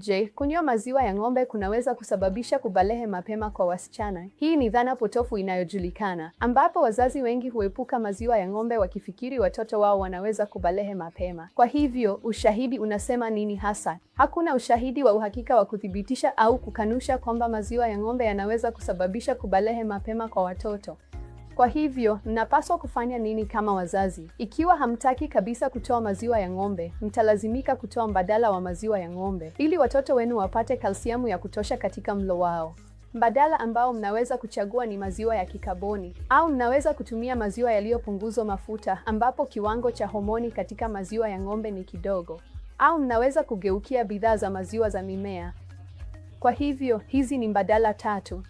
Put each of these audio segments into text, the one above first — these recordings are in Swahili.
Je, kunywa maziwa ya ng'ombe kunaweza kusababisha kubalehe mapema kwa wasichana? Hii ni dhana potofu inayojulikana, ambapo wazazi wengi huepuka maziwa ya ng'ombe wakifikiri watoto wao wanaweza kubalehe mapema. Kwa hivyo, ushahidi unasema nini hasa? Hakuna ushahidi wa uhakika wa kuthibitisha au kukanusha kwamba maziwa ya ng'ombe yanaweza kusababisha kubalehe mapema kwa watoto. Kwa hivyo, mnapaswa kufanya nini kama wazazi? Ikiwa hamtaki kabisa kutoa maziwa ya ng'ombe, mtalazimika kutoa mbadala wa maziwa ya ng'ombe ili watoto wenu wapate kalsiamu ya kutosha katika mlo wao. Mbadala ambao mnaweza kuchagua ni maziwa ya kikaboni au mnaweza kutumia maziwa yaliyopunguzwa mafuta ambapo kiwango cha homoni katika maziwa ya ng'ombe ni kidogo, au mnaweza kugeukia bidhaa za maziwa za mimea. Kwa hivyo, hizi ni mbadala tatu.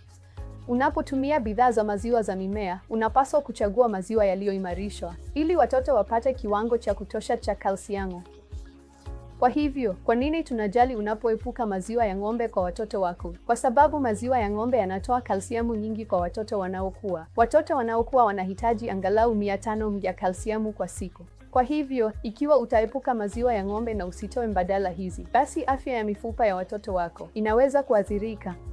Unapotumia bidhaa za maziwa za mimea, unapaswa kuchagua maziwa yaliyoimarishwa ili watoto wapate kiwango cha kutosha cha kalsiamu. Kwa hivyo, kwa nini tunajali unapoepuka maziwa ya ng'ombe kwa watoto wako? Kwa sababu maziwa ya ng'ombe yanatoa kalsiamu nyingi kwa watoto wanaokuwa Watoto wanaokuwa wanahitaji angalau 500 ya kalsiamu kwa siku. Kwa hivyo, ikiwa utaepuka maziwa ya ng'ombe na usitoe mbadala hizi, basi afya ya mifupa ya watoto wako inaweza kuathirika.